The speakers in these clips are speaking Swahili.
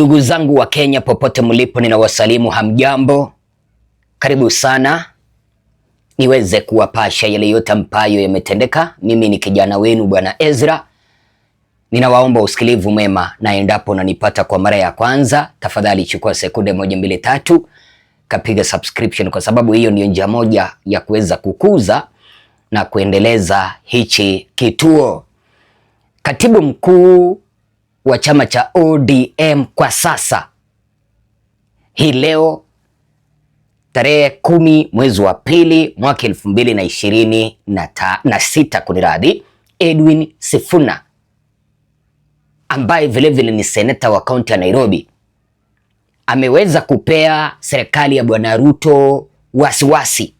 Ndugu zangu wa Kenya popote mlipo, ninawasalimu hamjambo, karibu sana niweze kuwapasha yale yote ambayo yametendeka. Mimi ni kijana wenu Bwana Ezra, ninawaomba usikilivu mwema, na endapo unanipata kwa mara ya kwanza, tafadhali chukua sekunde moja mbili tatu, kapiga subscription, kwa sababu hiyo ndio njia moja ya kuweza kukuza na kuendeleza hichi kituo. Katibu mkuu wa chama cha ODM kwa sasa. Hii leo tarehe kumi mwezi wa pili mwaka elfu mbili na ishirini na, na sita kuniradhi, Edwin Sifuna ambaye vilevile ni seneta wa kaunti ya Nairobi ameweza kupea serikali ya Bwana Ruto wasiwasi,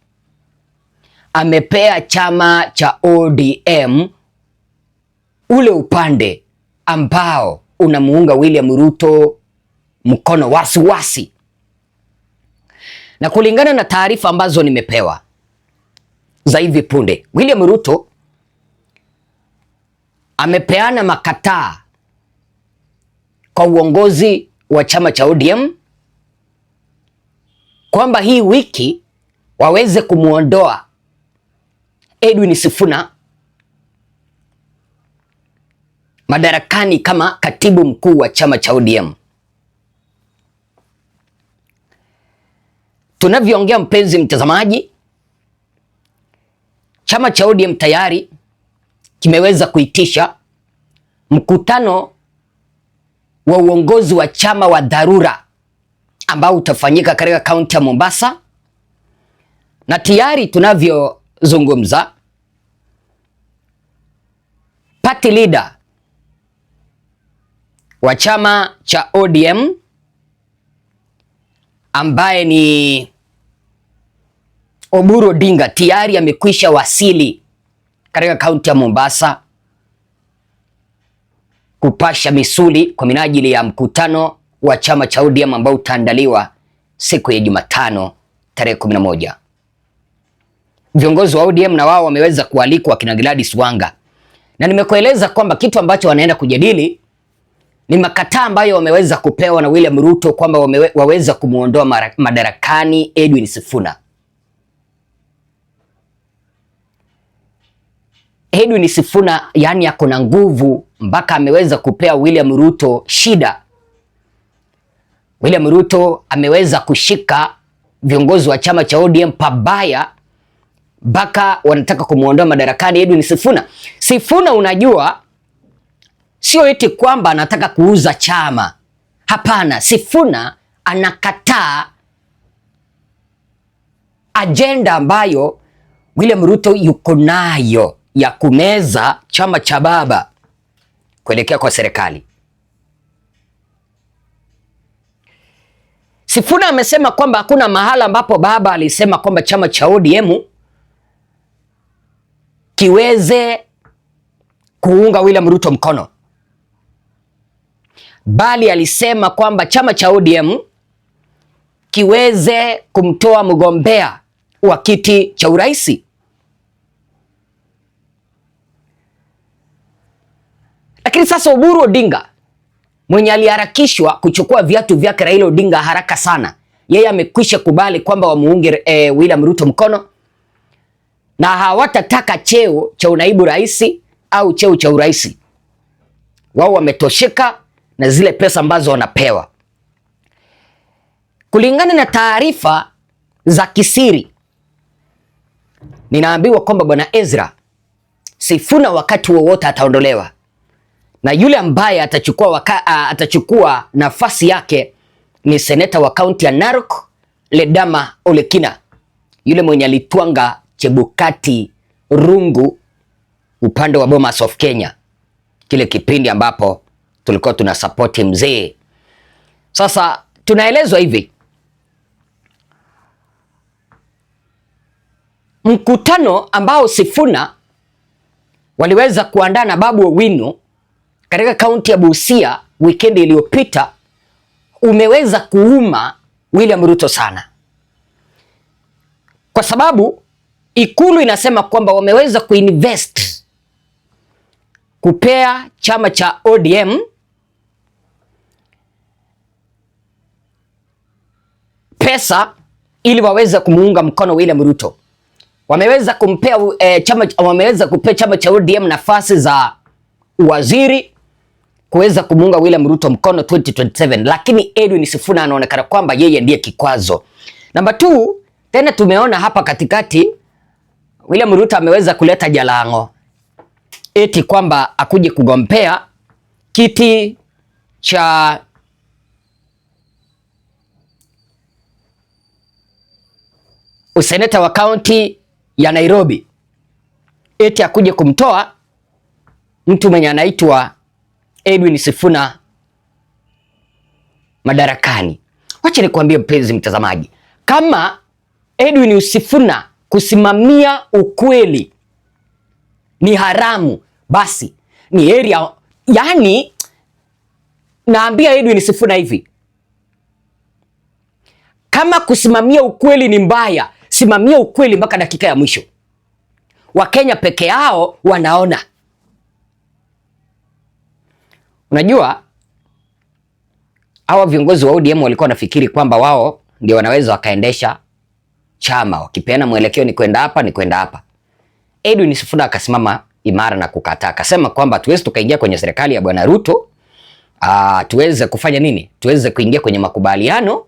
amepea chama cha ODM ule upande ambao unamuunga William Ruto mkono wasiwasi wasi. Na kulingana na taarifa ambazo nimepewa za hivi punde, William Ruto amepeana makataa kwa uongozi wa chama cha ODM kwamba hii wiki waweze kumwondoa Edwin Sifuna madarakani kama katibu mkuu wa chama cha ODM. Tunavyoongea mpenzi mtazamaji, chama cha ODM tayari kimeweza kuitisha mkutano wa uongozi wa chama wa dharura ambao utafanyika katika kaunti ya Mombasa, na tayari tunavyozungumza party leader wa chama cha ODM ambaye ni Oburu Odinga tayari amekwisha wasili katika kaunti ya Mombasa kupasha misuli kwa minajili ya mkutano wa chama cha ODM ambao utaandaliwa siku ya Jumatano tarehe 11. Viongozi wa ODM na wao wameweza kualikwa kina Gladys Wanga, na nimekueleza kwamba kitu ambacho wanaenda kujadili ni makataa ambayo wameweza kupewa na William Ruto kwamba waweza kumwondoa madarakani Edwin Sifuna. Edwin Sifuna yani ako na nguvu mpaka ameweza kupea William Ruto shida. William Ruto ameweza kushika viongozi wa chama cha ODM pabaya mpaka wanataka kumwondoa madarakani Edwin Sifuna. Sifuna unajua Sio eti kwamba anataka kuuza chama. Hapana, Sifuna anakataa ajenda ambayo William Ruto yuko nayo ya kumeza chama cha baba kuelekea kwa serikali. Sifuna amesema kwamba hakuna mahala ambapo baba alisema kwamba chama cha ODM kiweze kuunga William Ruto mkono bali alisema kwamba chama cha ODM kiweze kumtoa mgombea wa kiti cha urais. Lakini sasa Oburu Odinga mwenye aliharakishwa kuchukua viatu vyake Raila Odinga haraka sana, yeye amekwisha kubali kwamba wamuunge e, William Ruto mkono na hawatataka cheo cha unaibu rais au cheo cha urais. Wao wametosheka na zile pesa ambazo wanapewa. Kulingana na taarifa za kisiri, ninaambiwa kwamba bwana Ezra Sifuna wakati wowote ataondolewa na yule ambaye atachukua, waka, atachukua nafasi yake ni seneta wa kaunti ya Narok Ledama Olekina, yule mwenye alitwanga Chebukati rungu upande wa Bomas of Kenya, kile kipindi ambapo tulikuwa tuna support mzee. Sasa tunaelezwa hivi, mkutano ambao Sifuna waliweza kuandaa na Babu Owino katika kaunti ya Busia wikendi iliyopita umeweza kuuma William Ruto sana, kwa sababu ikulu inasema kwamba wameweza kuinvest kupea chama cha ODM pesa ili waweze kumuunga mkono William Ruto. Wameweza kumpea e, chama wameweza kupea chama cha ODM nafasi za waziri kuweza kumuunga William Ruto mkono 2027, lakini Edwin Sifuna anaonekana kwamba yeye ndiye kikwazo. Namba 2 tena tumeona hapa katikati William Ruto ameweza kuleta Jalango eti kwamba akuje kugombea kiti cha useneta wa kaunti ya Nairobi eti akuje kumtoa mtu mwenye anaitwa Edwin Sifuna madarakani. Wacha nikwambie mpenzi mtazamaji, kama Edwin Sifuna kusimamia ukweli ni haramu, basi ni area yani, naambia Edwin Sifuna hivi, kama kusimamia ukweli ni mbaya kusimamia ukweli mpaka dakika ya mwisho. Wakenya peke yao wanaona. Unajua, hawa viongozi wa ODM walikuwa wanafikiri kwamba wao ndio wanaweza wakaendesha chama, wakipeana mwelekeo, ni kwenda hapa, ni kwenda hapa. Edwin Sifuna akasimama imara na kukataa, akasema kwamba tuwezi tukaingia kwenye serikali ya bwana Ruto, ah, tuweze kufanya nini, tuweze kuingia kwenye makubaliano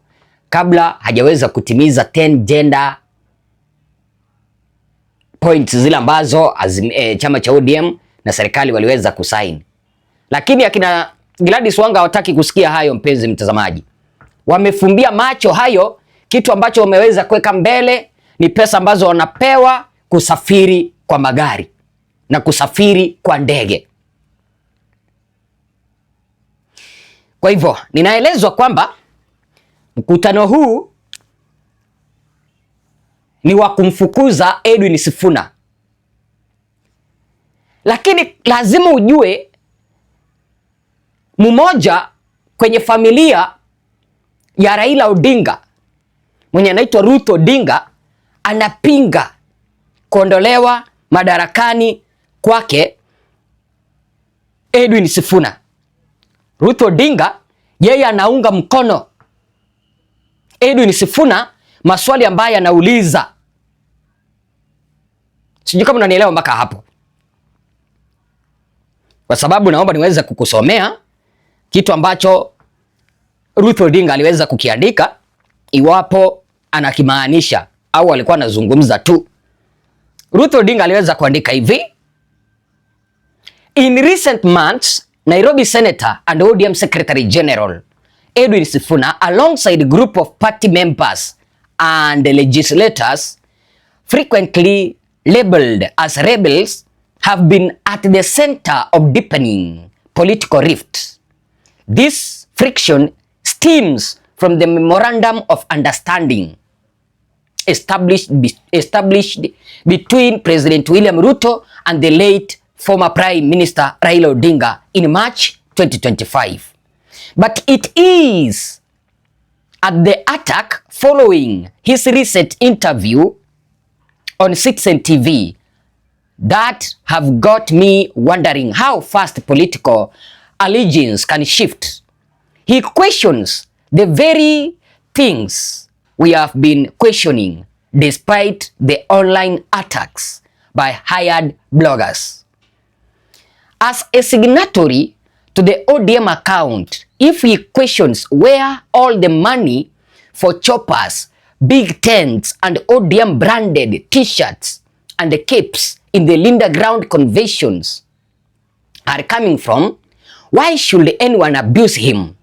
kabla hajaweza kutimiza 10 gender points zile ambazo azim, e, chama cha ODM na serikali waliweza kusign. lakini akina Gladys Wanga hawataki kusikia hayo. Mpenzi mtazamaji, wamefumbia macho hayo. Kitu ambacho wameweza kuweka mbele ni pesa ambazo wanapewa kusafiri kwa magari na kusafiri kwa ndege. Kwa hivyo ninaelezwa kwamba mkutano huu ni wa kumfukuza Edwin Sifuna, lakini lazima ujue mmoja kwenye familia ya Raila Odinga mwenye anaitwa Ruth Odinga anapinga kuondolewa madarakani kwake Edwin Sifuna. Ruth Odinga yeye anaunga mkono Edwin Sifuna maswali ambayo yanauliza. Sijui kama unanielewa mpaka hapo, kwa sababu naomba niweze kukusomea kitu ambacho Ruth Odinga aliweza kukiandika, iwapo anakimaanisha au alikuwa anazungumza tu. Ruth Odinga aliweza kuandika hivi: In recent months Nairobi Senator and ODM Secretary General Edwin Sifuna alongside group of party members and legislators frequently labeled as rebels have been at the center of deepening political rifts. This friction stems from the memorandum of understanding established, established between President William Ruto and the late former Prime Minister Raila Odinga in March 2025. But it is at the attack following his recent interview on Citizen TV that have got me wondering how fast political allegiance can shift. He questions the very things we have been questioning despite the online attacks by hired bloggers. As a signatory to the ODM account if he questions where all the money for choppers, big tents and ODM branded t-shirts and capes in the Linda Ground conventions are coming from, why should anyone abuse him?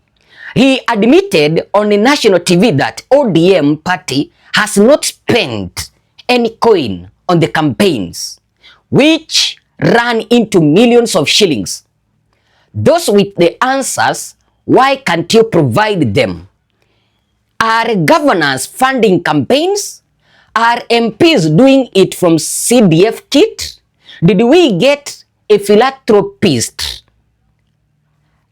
He admitted on a national TV that ODM party has not spent any coin on the campaigns, which ran into millions of shillings. Those with the answers Why can't you provide them? Are governors funding campaigns? Are MPs doing it from CDF kit? Did we get a philanthropist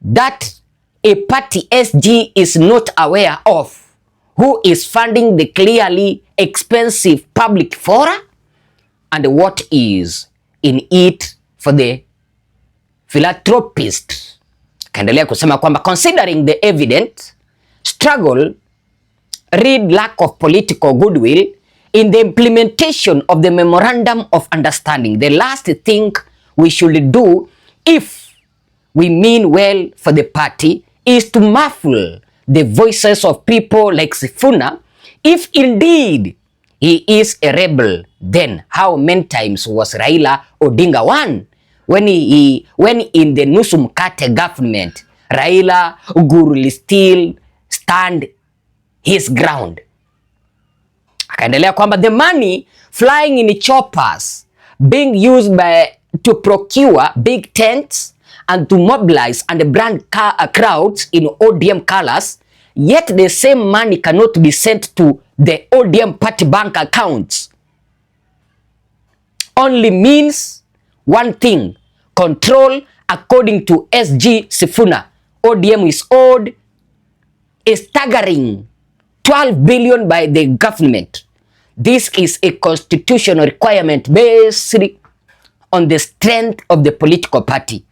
that a party SG is not aware of who is funding the clearly expensive public fora and what is in it for the philanthropist? akaendelea kusema kwamba considering the evident struggle read lack of political goodwill in the implementation of the memorandum of understanding the last thing we should do if we mean well for the party is to muffle the voices of people like Sifuna if indeed he is a rebel then how many times was Raila Odinga one when, he, when in the Nusu Mkate government Raila Guruli still stand his ground. Akaendelea kwamba the money flying in choppers being used by to procure big tents and to mobilize and brand uh, crowds in ODM colors yet the same money cannot be sent to the ODM party bank accounts only means one thing control according to SG Sifuna ODM is owed a staggering 12 billion by the government this is a constitutional requirement based on the strength of the political party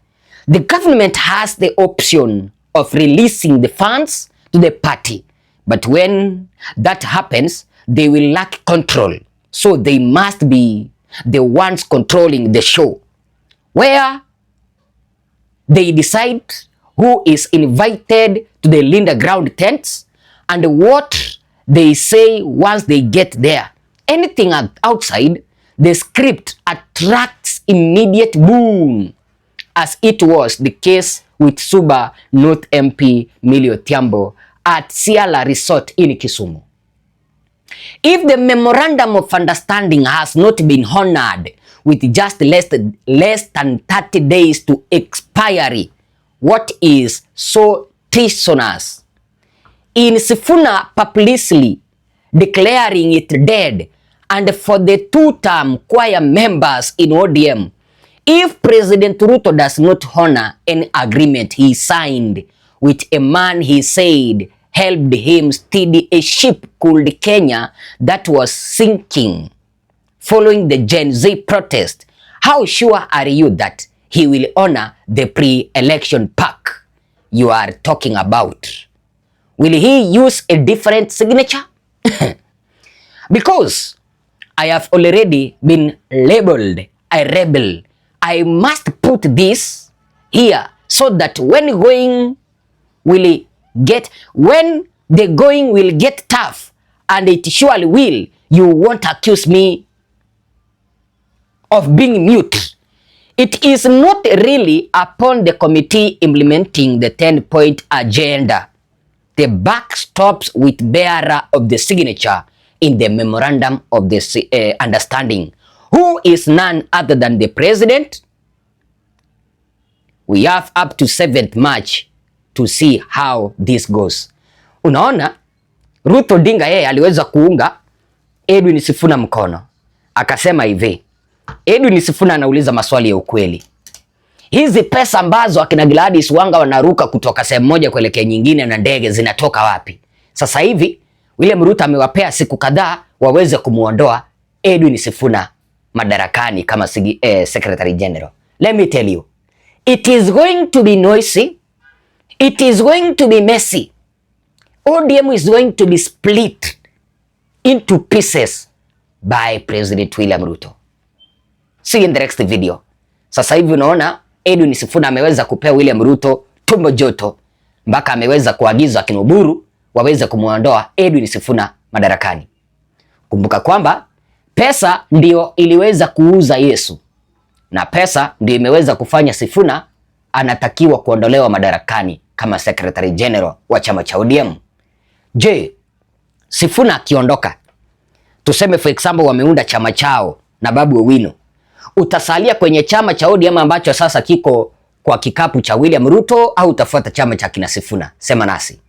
the government has the option of releasing the funds to the party but when that happens they will lack control so they must be the ones controlling the show where they decide who is invited to the Linda ground tents and what they say once they get there. Anything outside the script attracts immediate boom, as it was the case with Suba North MP milio tiambo at siala Resort in Kisumu. If the memorandum of understanding has not been honored with just less, less than 30 days to expiry. What is so treasonous? In Sifuna publicly declaring it dead and for the two-term choir members in ODM, if President Ruto does not honor an agreement he signed with a man he said helped him steady a ship called Kenya that was sinking, following the Gen Z protest, how sure are you that he will honor the pre-election pact you are talking about? Will he use a different signature? Because I have already been labeled a rebel. I must put this here so that when going will get when the going will get tough and it surely will, you won't accuse me of being mute. It is not really upon the committee implementing the 10-point agenda. The back stops with bearer of the signature in the memorandum of the uh, understanding, who is none other than the president. We have up to 7th March to see how this goes. Unaona, ruto dinga yeye aliweza kuunga Edwin Sifuna mkono, akasema hivi Edwin Sifuna anauliza maswali ya ukweli. Hizi pesa ambazo akina Gladys Wanga wanaruka kutoka sehemu moja kuelekea nyingine na ndege zinatoka wapi? Sasa hivi William Ruto amewapea siku kadhaa waweze kumuondoa Edwin Sifuna madarakani kama sigi, eh, Secretary General. Let me tell you. It is going to be noisy. It is going to be messy. ODM is going to be split into pieces by President William Ruto. See you in the next video. Sasa hivi unaona Edwin Sifuna ameweza kupewa William Ruto tumbo joto mpaka ameweza kuagizwa akina Oburu waweze kumuondoa Edwin Sifuna madarakani. Kumbuka kwamba pesa ndio iliweza kuuza Yesu na pesa ndio imeweza kufanya Sifuna anatakiwa kuondolewa madarakani kama Secretary General wa chama cha ODM. Je, Sifuna akiondoka, tuseme for example wameunda chama chao na Babu Owino utasalia kwenye chama cha ODM ambacho sasa kiko kwa kikapu cha William Ruto au utafuata chama cha kina Sifuna? Sema nasi.